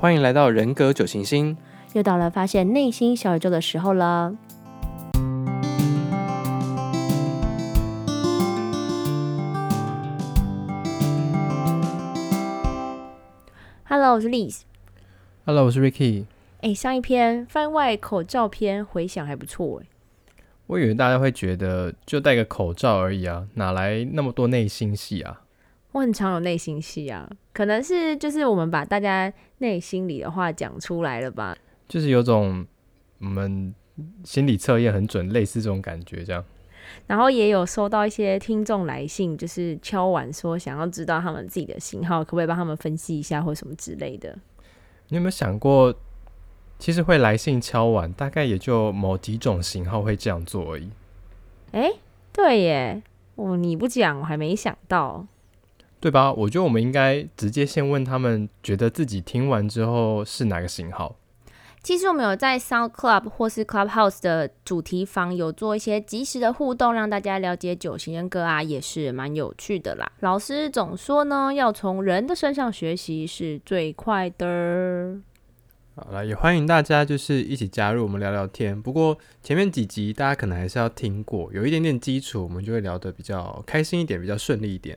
歡迎來到人格九行星，又到了發現內心小宇宙的時候了。Hello，我是 Liz。Hello，我是 Ricky。哎，上一篇番外口罩片迴響還不錯誒。我以為大家會覺得，就戴個口罩而已啊，哪來那麼多內心戲啊？我很常有內心戲啊，可能是就是我們把大家內心裡的話講出來了吧，就是有種我們心理測驗很準，類似這種感覺這樣。然後也有收到一些聽眾來信，就是敲碗說想要知道他們自己的型號，可不可以幫他們分析一下或什麼之類的？你有沒有想過，其實會來信敲碗，大概也就某幾種型號會這樣做而已。哎、欸，對耶，哦，你不講我還沒想到。對吧？我覺得我們應該直接先問他們，覺得自己聽完之後是哪個型號。其實我們有在 Sound Club 或是 Club House 的主題房有做一些即時的互動，讓大家了解九型人格啊，也是蠻有趣的啦。老師總說呢，要從人的身上學習是最快的。好了，也歡迎大家就是一起加入我們聊聊天。不過前面幾集大家可能還是要聽過，有一點點基礎，我們就會聊得比較開心一點，比較順利一點。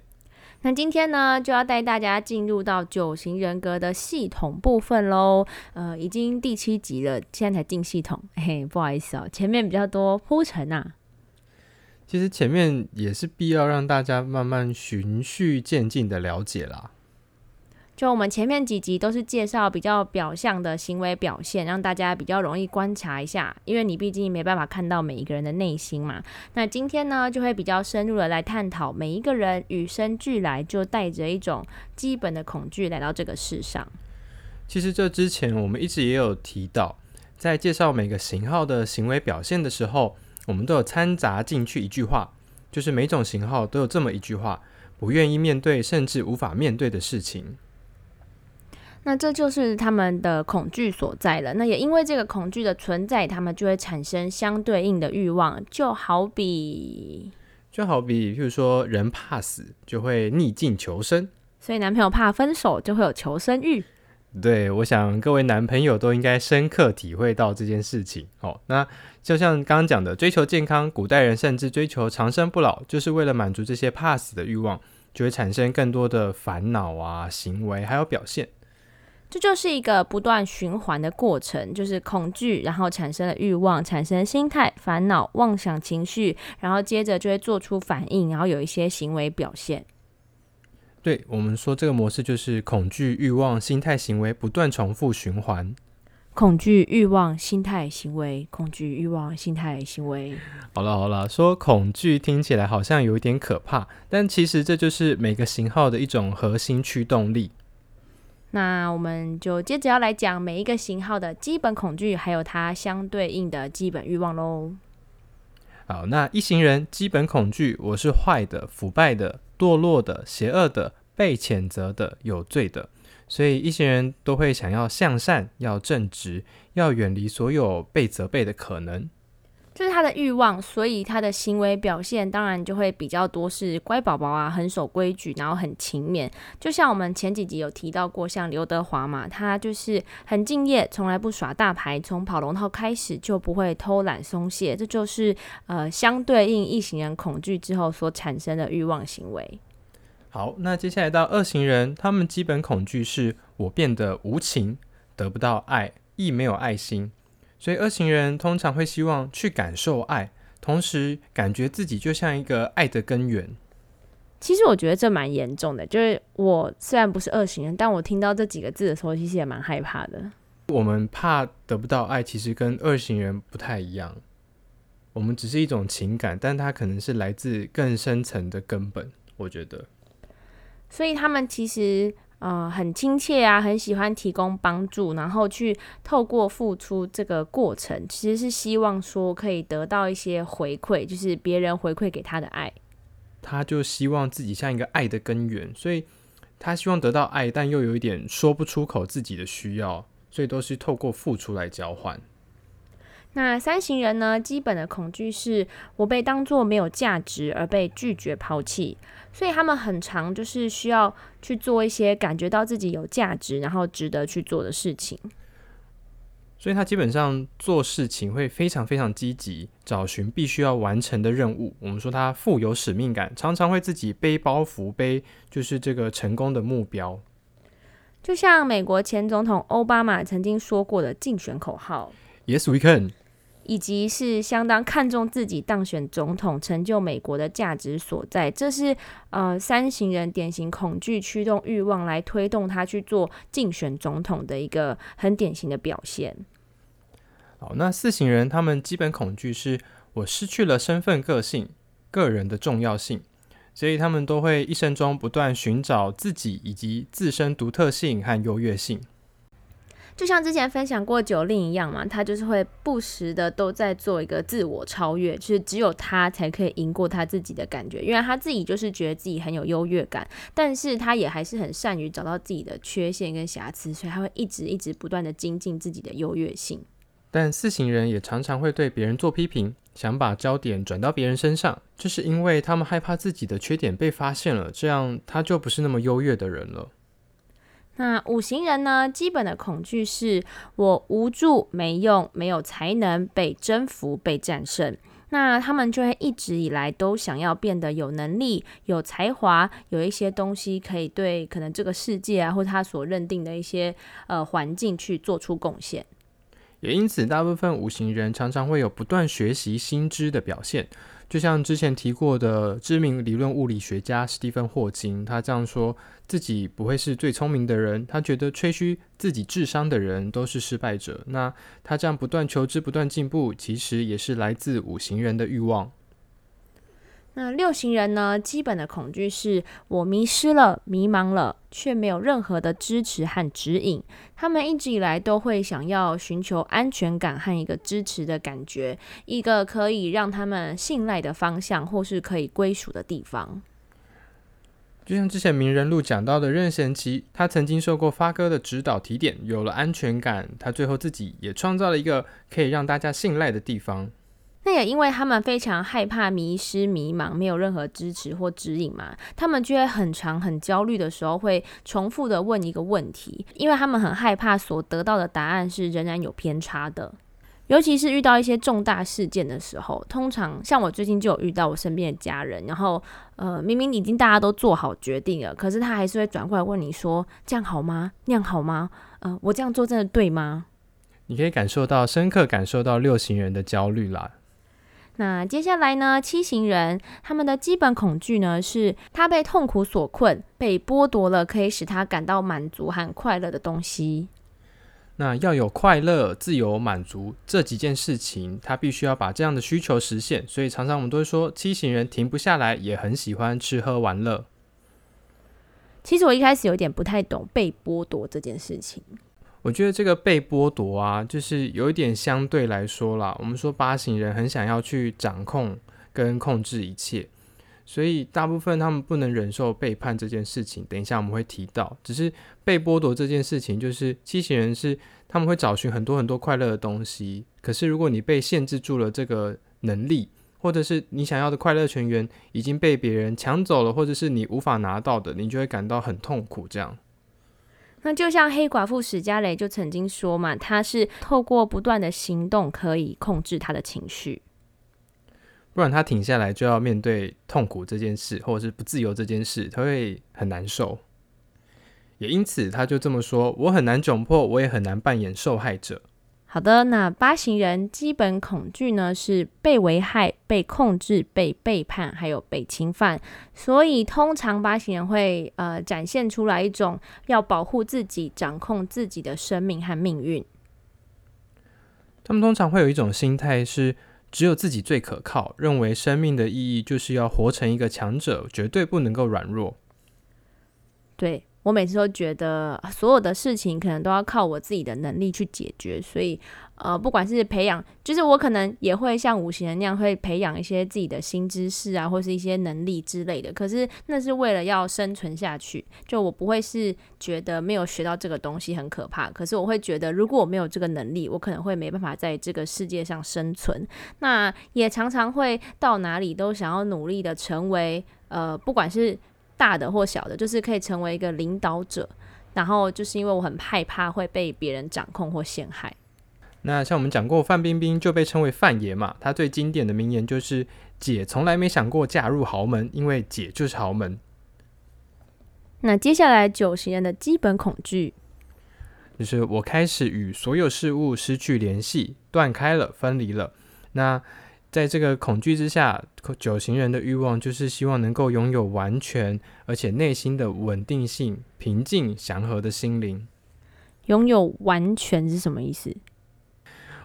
那今天呢，就要帶大家進入到九型人格的系統部分嘍。呃，已經第七集了，現在才進系統，嘿，不好意思哦、喔，前面比較多鋪陳吶。其實前面也是必要讓大家慢慢循序漸進的了解啦。就我們前面幾集都是介紹比較表象的行為表現，讓大家比較容易觀察一下。因為你畢竟沒辦法看到每一個人的內心嘛。那今天呢，就會比較深入的來探討，每一個人與生俱來就帶着一種基本的恐懼來到這個世上。其實這之前我們一直也有提到，在介紹每個型號的行為表現的時候，我們都有摻雜進去一句話，就是每種型號都有這麼一句話：不願意面對甚至無法面對的事情。那這就是他們的恐懼所在了。那也因為這個恐懼的存在，他們就會產生相對應的欲望，就好比，就好比，譬如說，人怕死就會逆境求生，所以男朋友怕分手就會有求生欲。對，我想各位男朋友都應該深刻體會到這件事情哦。那就像剛剛講的，追求健康，古代人甚至追求長生不老，就是為了滿足這些怕死的欲望，就會產生更多的煩惱啊，行為還有表現。這就是一個不斷循環的過程，就是恐懼，然後產生了欲望，產生心態、煩惱、妄想、情緒，然後接着就會做出反應，然後有一些行為表現。對，我們說這個模式就是恐懼、欲望、心態、行為不斷重複循環。恐懼、欲望、心態、行為，恐懼、欲望、心態、行為。好了好了，說恐懼聽起來好像有一點可怕，但其實這就是每個型號的一種核心驅動力。那我們就接着要來講每一個型號的基本恐懼，還有它相對應的基本欲望嘍。好，那一型人基本恐懼，我是壞的、腐敗的、墮落的、邪惡的、被譴責的、有罪的，所以一型人都會想要向善、要正直、要遠離所有被責備的可能。就是他的慾望，所以他的行為表現當然就會比較多是乖寶寶啊，很守規矩，然後很勤勉。就像我們前幾集有提到過，像劉德華嘛，他就是很敬業，從來不耍大牌，從跑龍套開始就不會偷懶鬆懈。這就是呃相對應一型人恐懼之後所產生的慾望行為。好，那接下來到二型人，他們基本恐懼是我變得無情，得不到愛，亦沒有愛心。所以二型人通常會希望去感受愛，同時感覺自己就像一個愛的根源。其實我覺得這蠻嚴重的，就是我雖然不是二型人，但我聽到這幾個字的時候，其實也蠻害怕的。我們怕得不到愛，其實跟二型人不太一樣。我們只是一種情感，但它可能是來自更深層的根本，我覺得。所以他們其實。呃，很親切啊，很喜歡提供幫助，然後去透過付出這個過程，其實是希望說可以得到一些回饋，就是別人回饋給他的愛。他就希望自己像一個愛的根源，所以他希望得到愛，但又有一點說不出口自己的需要，所以都是透過付出來交換。那三型人呢？基本的恐懼是我被當做沒有價值而被拒絕拋棄，所以他們很常就是需要去做一些感覺到自己有價值，然後值得去做的事情。所以他基本上做事情會非常非常積極，找尋必須要完成的任務。我們說他富有使命感，常常會自己背包袱背，就是這個成功的目標。就像美國前總統歐巴馬曾經說過的競選口號。Yes, we can。以及是相當看重自己當選總統成就美國的價值所在，這是呃三型人典型恐懼驅動欲望來推動他去做競選總統的一個很典型的表現。好，那四型人他們基本恐懼是我失去了身份、個性、個人的重要性，所以他們都會一生中不斷尋找自己以及自身獨特性和優越性。就像之前分享過九令一樣嘛，他就是會不時的都在做一個自我超越，就是只有他才可以贏過他自己的感覺。因為他自己就是覺得自己很有優越感，但是他也還是很善於找到自己的缺陷跟瑕疵，所以他會一直一直不斷的精進自己的優越性。但四型人也常常會對別人做批評，想把焦點轉到別人身上，就是因為他們害怕自己的缺點被發現了，這樣他就不是那麼優越的人了。那五型人呢？基本的恐懼是我無助、沒用、沒有才能，被征服、被戰勝。那他們就會一直以來都想要變得有能力、有才華，有一些東西可以對可能這個世界啊，或他所認定的一些呃環境去做出貢獻。也因此，大部分五型人常常會有不斷學習新知的表現。就像之前提過的知名理論物理學家史蒂芬·霍金，他這樣說自己不會是最聰明的人，他覺得吹噓自己智商的人都是失敗者。那他這樣不斷求知、不斷進步，其實也是來自五型人的慾望。那六型人呢？基本的恐懼是我迷失了、迷茫了，卻沒有任何的支持和指引。他們一直以來都會想要尋求安全感和一個支持的感覺，一個可以讓他們信賴的方向，或是可以歸屬的地方。就像之前名人錄講到的任賢齊，他曾經受過發哥的指導提點，有了安全感，他最後自己也創造了一個可以讓大家信賴的地方。那也因為他們非常害怕迷失、迷茫，沒有任何支持或指引嘛，他們就會很常、很焦慮的時候，會重複的問一個問題，因為他們很害怕所得到的答案是仍然有偏差的，尤其是遇到一些重大事件的時候，通常像我最近就有遇到我身邊的家人，然後呃，明明已經大家都做好決定了，可是他還是會轉過來問你說這樣好嗎？那樣好嗎？呃，我這樣做真的對嗎？你可以感受到、深刻感受到六型人的焦慮啦。那接下來呢？七型人他們的基本恐懼呢，是他被痛苦所困，被剝奪了可以使他感到滿足和快樂的東西。那要有快樂、自由、滿足這幾件事情，他必須要把這樣的需求實現。所以常常我們都會說，七型人停不下來，也很喜歡吃喝玩樂。其實我一開始有點不太懂被剝奪這件事情。我覺得這個被剝奪啊,就是有一點相對來說啦。我們說八型人很想要去掌控跟控制一切，所以大部分他們不能忍受背叛這件事情。等一下我們會提到，只是被剝奪這件事情，就是七型人是他們會找尋很多很多快樂的東西。可是如果你被限制住了這個能力，或者是你想要的快樂泉源已經被別人搶走了，或者是你無法拿到的，你就會感到很痛苦這樣。那就像黑寡婦史嘉蕾就曾經說嘛，她是透過不斷的行動可以控制她的情緒，不然她停下來就要面對痛苦這件事，或者是不自由這件事，她會很難受。也因此，她就這麼說：“我很難窘迫，我也很難扮演受害者。”好的，那八型人基本恐懼呢是被危害、被控制、被背叛，還有被侵犯。所以通常八型人會呃展現出來一種要保護自己、掌控自己的生命和命運。他們通常會有一種心態是只有自己最可靠，認為生命的意義就是要活成一個強者，絕對不能夠軟弱。對。我每次都覺得，所有的事情可能都要靠我自己的能力去解決，所以，呃，不管是培養，就是我可能也會像五行那樣，會培養一些自己的新知識啊，或是一些能力之類的。可是那是為了要生存下去，就我不會是覺得沒有學到這個東西很可怕，可是我會覺得，如果我沒有這個能力，我可能會沒辦法在這個世界上生存。那也常常會到哪裡都想要努力的成為，呃，不管是。大的或小的，就是可以成為一個領導者。然後就是因為我很害怕會被別人掌控或陷害。那像我們講過，范冰冰就被稱為范爺嘛。她最經典的名言就是：“姐從來沒想過嫁入豪門，因為姐就是豪門。”那接下來九型人的基本恐懼，就是我開始與所有事物失去聯繫，斷開了，分離了。那在這個恐懼之下，九型人的慾望就是希望能夠擁有完全而且內心的穩定性、平靜、祥和的心靈。擁有完全是什麼意思？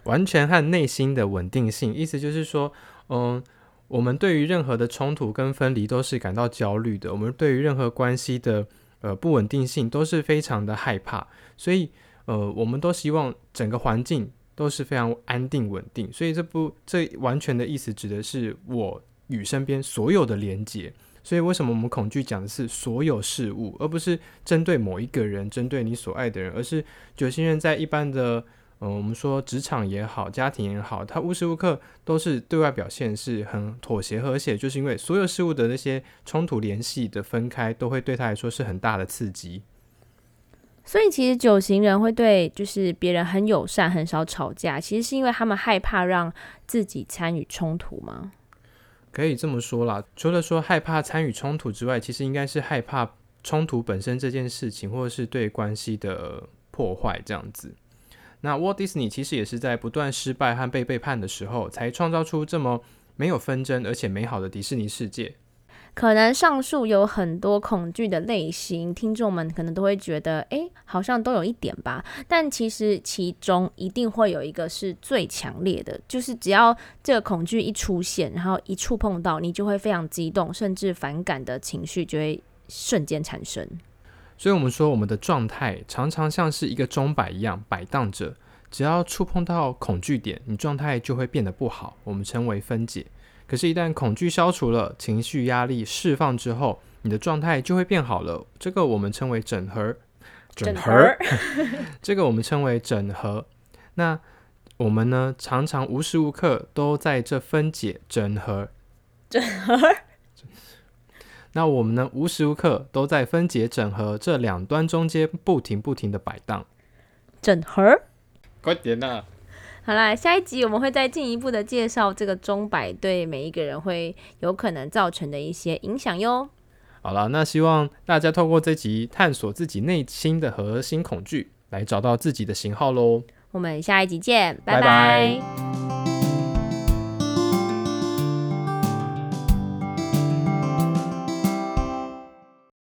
完全和內心的穩定性，意思就是說，嗯、呃，我們對於任何的衝突跟分離都是感到焦慮的，我們對於任何關係的呃不穩定性都是非常的害怕，所以呃，我們都希望整個環境。都是非常安定穩定，所以這不，這完全的意思指的是我與身邊所有的連接。所以為什麼我們恐懼講的是所有事物，而不是針對某一個人，針對你所愛的人，而是有些人在一般的，嗯，我們說職場也好，家庭也好，他無時無刻都是對外表現是很妥協和諧，就是因為所有事物的那些衝突聯繫的分開，都會對他來說是很大的刺激。所以其實九型人會對就是別人很友善，很少吵架，其實是因為他們害怕讓自己參與衝突嗎？可以這麼說啦，除了說害怕參與衝突之外，其實應該是害怕衝突本身這件事情，或者是對關係的、呃、破壞這樣子。那 Walt Disney 其實也是在不斷失敗和被背叛的時候，才創造出這麼沒有紛爭而且美好的迪士尼世界。可能上述有很多恐懼的類型，聽眾們可能都會覺得，哎、欸，好像都有一點吧。但其實其中一定會有一個是最強烈的，就是只要這個恐懼一出現，然後一觸碰到，你就會非常激動，甚至反感的情緒就會瞬間產生。所以我們說，我們的狀態常常像是一個鐘擺一樣擺盪着，只要觸碰到恐懼點，你狀態就會變得不好，我們稱為分解。可是，一旦恐懼消除了，情緒壓力釋放之後，你的狀態就會變好了。這個我們稱為整合。整合。 這個我們稱為整合。那我們呢？常常無時無刻都在這分解、整合。整合。那我們呢？無時無刻都在分解、整合這兩端中間，不停、不停的擺盪。整合。快點吶、啊！好了，下一集我們會再進一步的介紹這個鐘擺對每一個人會有可能造成的一些影響喲。好啦，那希望大家透過這集探索自己內心的核心恐懼，來找到自己的型號嘍。我們下一集見，拜拜。拜拜